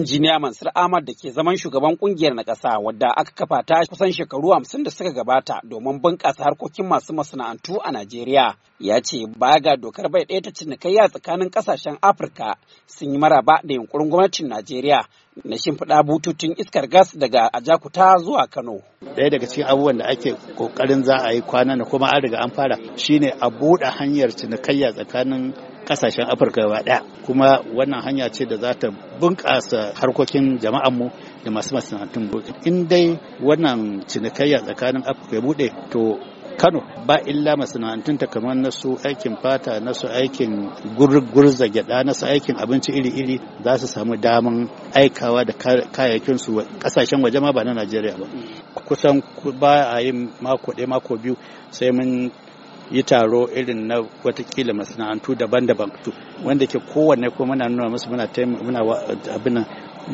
Injiniya Mansur Ahmad da ke zaman shugaban kungiyar na ƙasa wadda aka kafa ta kusan shekaru hamsin da suka gabata domin bunƙasa harkokin masu masana'antu a Najeriya ya ce baya ga dokar bai ɗaya ta cinikayya tsakanin ƙasashen Afirka sun yi maraba da yunkurin gwamnatin Najeriya na shimfiɗa bututun iskar gas daga Ajakuta zuwa Kano. Ɗaya daga cikin abubuwan da ake ƙoƙarin za a yi kwana kwanan kuma an riga an fara shine a buɗe hanyar cinikayya tsakanin kasashen afirka gaba daya kuma wannan hanya ce da za ta bunƙasa harkokin jama'an mu da masu masana'antun in dai wannan cinikayya tsakanin afirka ya bude to Kano ba illa masana'antunta kamar na su aikin fata na su aikin gurza gyada na su aikin abinci iri-iri za su samu daman aikawa da kayayyakin su kasashen waje ma ba na Najeriya ba kusan ba a yin mako ɗaya mako biyu sai mun yi taro irin na watakila masana'antu daban-daban wanda ke kowanne ko muna nuna musu muna muna abin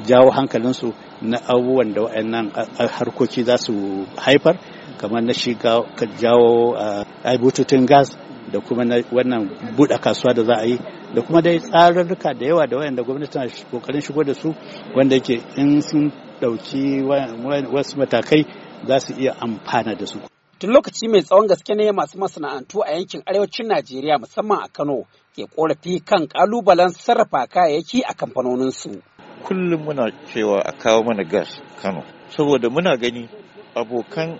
jawo hankalinsu na abubuwan da wa'annan harkoki za su haifar kamar na shiga jawo a ah, bututun gas da kuma na wannan buɗe kasuwa da za a yi da kuma dai tsararruka da yawa da wayanda gwamnati tana kokarin shigo da su wanda yake in sun ɗauki wasu matakai za su iya amfana da su tun lokaci mai tsawon gaske ne masu masana'antu a yankin arewacin najeriya musamman a kano ke korafi kan kalubalen sarrafa kayayyaki a kamfanoninsu kullum muna cewa a kawo mana gas kano saboda muna gani abokan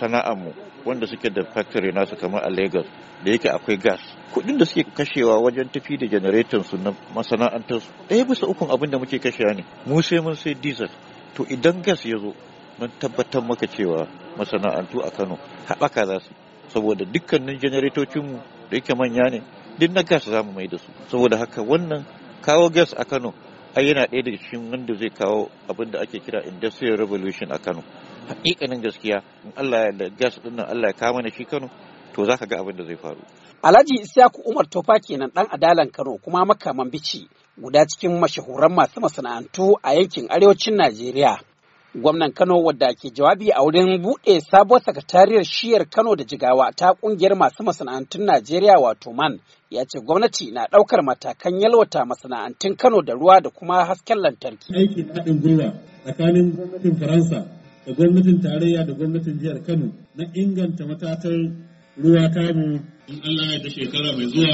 sana'armu wanda suke da factory nasu kamar a lagos da yake akwai gas kuɗin da suke kashewa wajen tafi da janareton su na masana'antarsu ɗaya bisa ukun abin da muke kashewa ne mu sai mun sai diesel to idan gas ya zo mun tabbatar maka cewa masana'antu a Kano haɓaka za su saboda dukkanin janaretocinmu da yake manya ne duk na gas za mu mai da su saboda haka wannan kawo gas a Kano ai yana ɗaya da cikin wanda zai kawo abin da ake kira industrial revolution a Kano haƙiƙanin gaskiya in Allah ya gas din nan Allah ya kawo mana shi Kano to za ka ga abin da zai faru Alhaji Isyaku Umar Tofa kenan ɗan adalan Kano kuma makaman bici guda cikin mashahuran masu masana'antu a yankin arewacin Najeriya Gwamnan Kano wadda ke jawabi a wurin buɗe sabuwar sakatariyar shiyar Kano da Jigawa ta ƙungiyar masu masana'antun Najeriya wato MAN ya ce gwamnati na ɗaukar matakan yalwata masana'antun Kano da ruwa da kuma hasken lantarki. Aikin haɗin gwiwa tsakanin gwamnatin Faransa da gwamnatin tarayya da gwamnatin jihar Kano na inganta matatar ruwa kamu. in Allah ya da shekara mai zuwa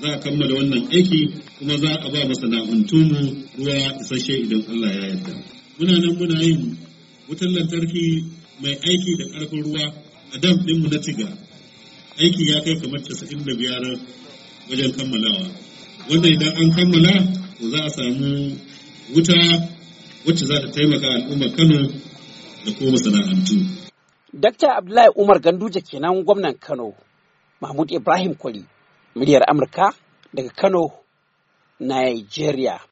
za a kammala wannan aiki kuma za a ba masana'antunmu ruwa isasshe idan Allah ya yarda. muna nan muna yin wutar lantarki mai aiki da ƙarfin ruwa a dam ɗinmu na tiga aiki ya kai kamar casa'in da biyar wajen kammalawa wanda idan an kammala to za a samu wuta wacce za ta taimaka al'ummar kano da kuma masana'antu. Dakta Abdullahi Umar Ganduje kenan gwamnan Kano, Mahmud Ibrahim Kwari, miliyar Amurka daga Kano, Nigeria.